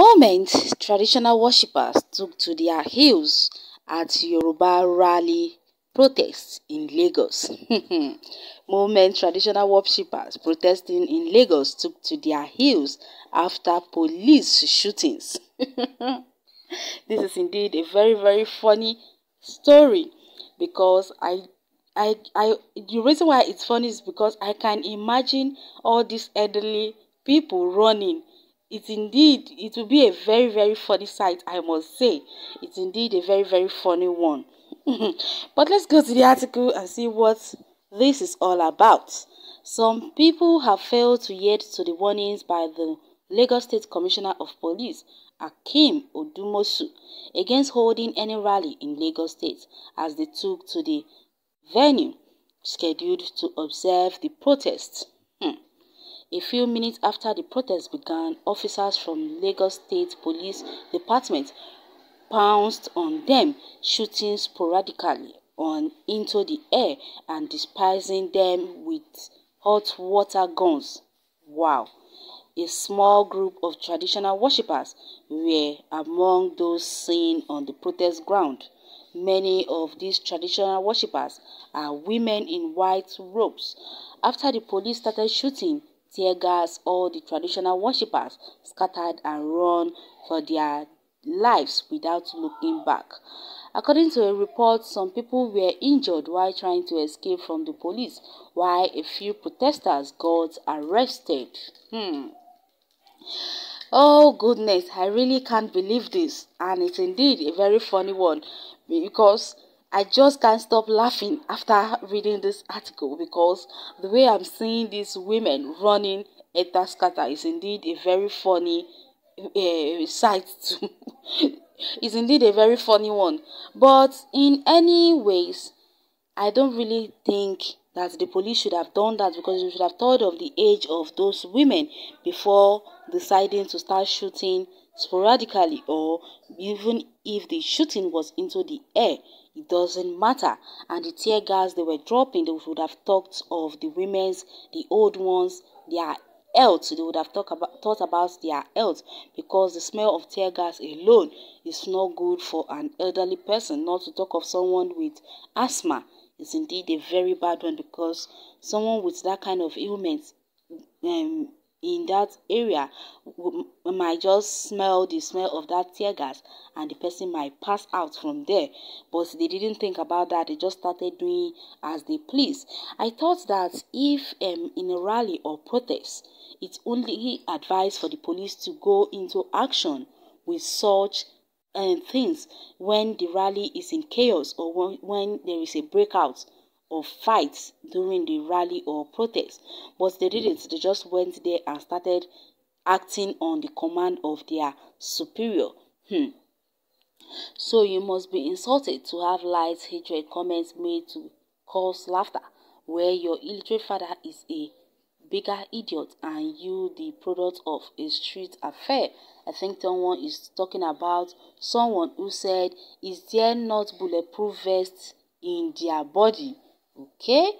moment traditional worshippers took to their heels at Yoruba rally protests in Lagos. moment traditional worshippers protesting in Lagos took to their heels after police shootings. this is indeed a very, very funny story because I I, I, the reason why it's funny is because I can imagine all these elderly people running It's indeed, it will be a very, very funny sight, I must say. It's indeed a very, very funny one. but let's go to the article and see what this is all about. Some people have failed to yield to the warnings by the Lagos State Commissioner of Police, Akim Odumosu, against holding any rally in Lagos State as they took to the venue scheduled to observe the protest. A few minutes after the protest began, officers from Lagos State Police Department pounced on them, shooting sporadically on into the air and despising them with hot water guns. Wow. A small group of traditional worshippers were among those seen on the protest ground. Many of these traditional worshippers are women in white robes. After the police started shooting, tear gas all the traditional worshippers scattered and run for their lives without looking back. According to a report, some people were injured while trying to escape from the police, while a few protesters got arrested. Hmm. Oh goodness, I really can't believe this, and it's indeed a very funny one because I just can't stop laughing after reading this article because the way I'm seeing these women running Etaskata is indeed a very funny uh, sight to is indeed a very funny one. But in any ways, I don't really think that the police should have done that because they should have thought of the age of those women before deciding to start shooting sporadically or even if the shooting was into the air. It doesn't matter. And the tear gas they were dropping, they would have talked of the women's, the old ones, their health. They would have talk about, thought about their health because the smell of tear gas alone is not good for an elderly person, not to talk of someone with asthma. It's indeed a very bad one because someone with that kind of ailment um, in that area might just smell the smell of that tear gas and the person might pass out from there. But they didn't think about that, they just started doing as they please. I thought that if um, in a rally or protest, it's only advised for the police to go into action with such uh, things when the rally is in chaos or when, when there is a breakout or fights during the rally or protest. But they didn't. They just went there and started acting on the command of their superior. Hmm. So you must be insulted to have lies, hatred, comments made to cause laughter, where your illiterate father is a bigger idiot and you the product of a street affair. I think someone is talking about someone who said, Is there not bulletproof vests in their body? Okay?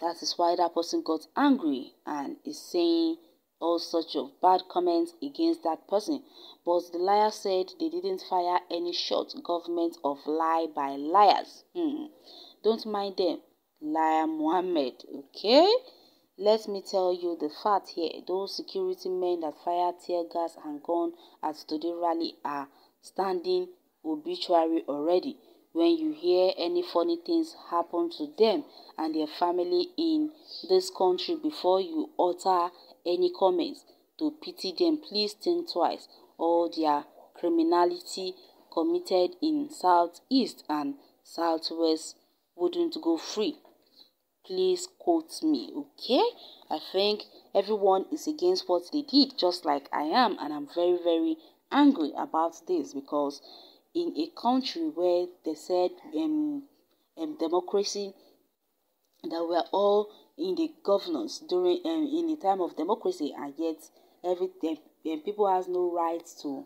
That is why that person got angry and is saying all sorts of bad comments against that person. But the liar said they didn't fire any shot. Government of lie by liars. Hmm. Don't mind them. Liar Muhammad. Okay? Let me tell you the fact here. Those security men that fired tear gas and gun at today rally are standing obituary already when you hear any funny things happen to them and their family in this country before you utter any comments. To pity them, please think twice. All their criminality committed in Southeast and Southwest wouldn't go free. Please quote me, okay? I think everyone is against what they did, just like I am, and I'm very, very angry about this because in a country where they said um, um, democracy, that we're all in the governance during um, in the time of democracy, and yet every um, um, people has no right to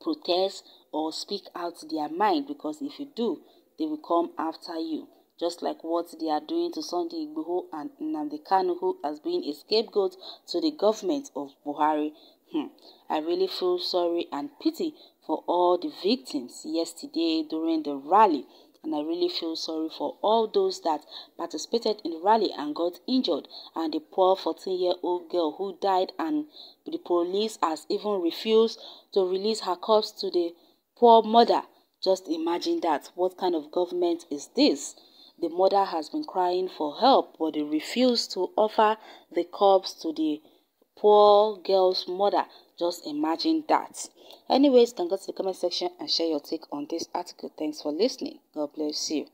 protest or speak out their mind because if you do, they will come after you. Just like what they are doing to Sunday Igboho and Nnamdi Kanu, who has been a scapegoat to the government of Buhari. Hmm. I really feel sorry and pity for all the victims yesterday during the rally. And I really feel sorry for all those that participated in the rally and got injured, and the poor 14 year old girl who died, and the police has even refused to release her corpse to the poor mother. Just imagine that. What kind of government is this? The mother has been crying for help, but they refuse to offer the corpse to the poor girl's mother. Just imagine that. Anyways, can go to the comment section and share your take on this article. Thanks for listening. God bless you.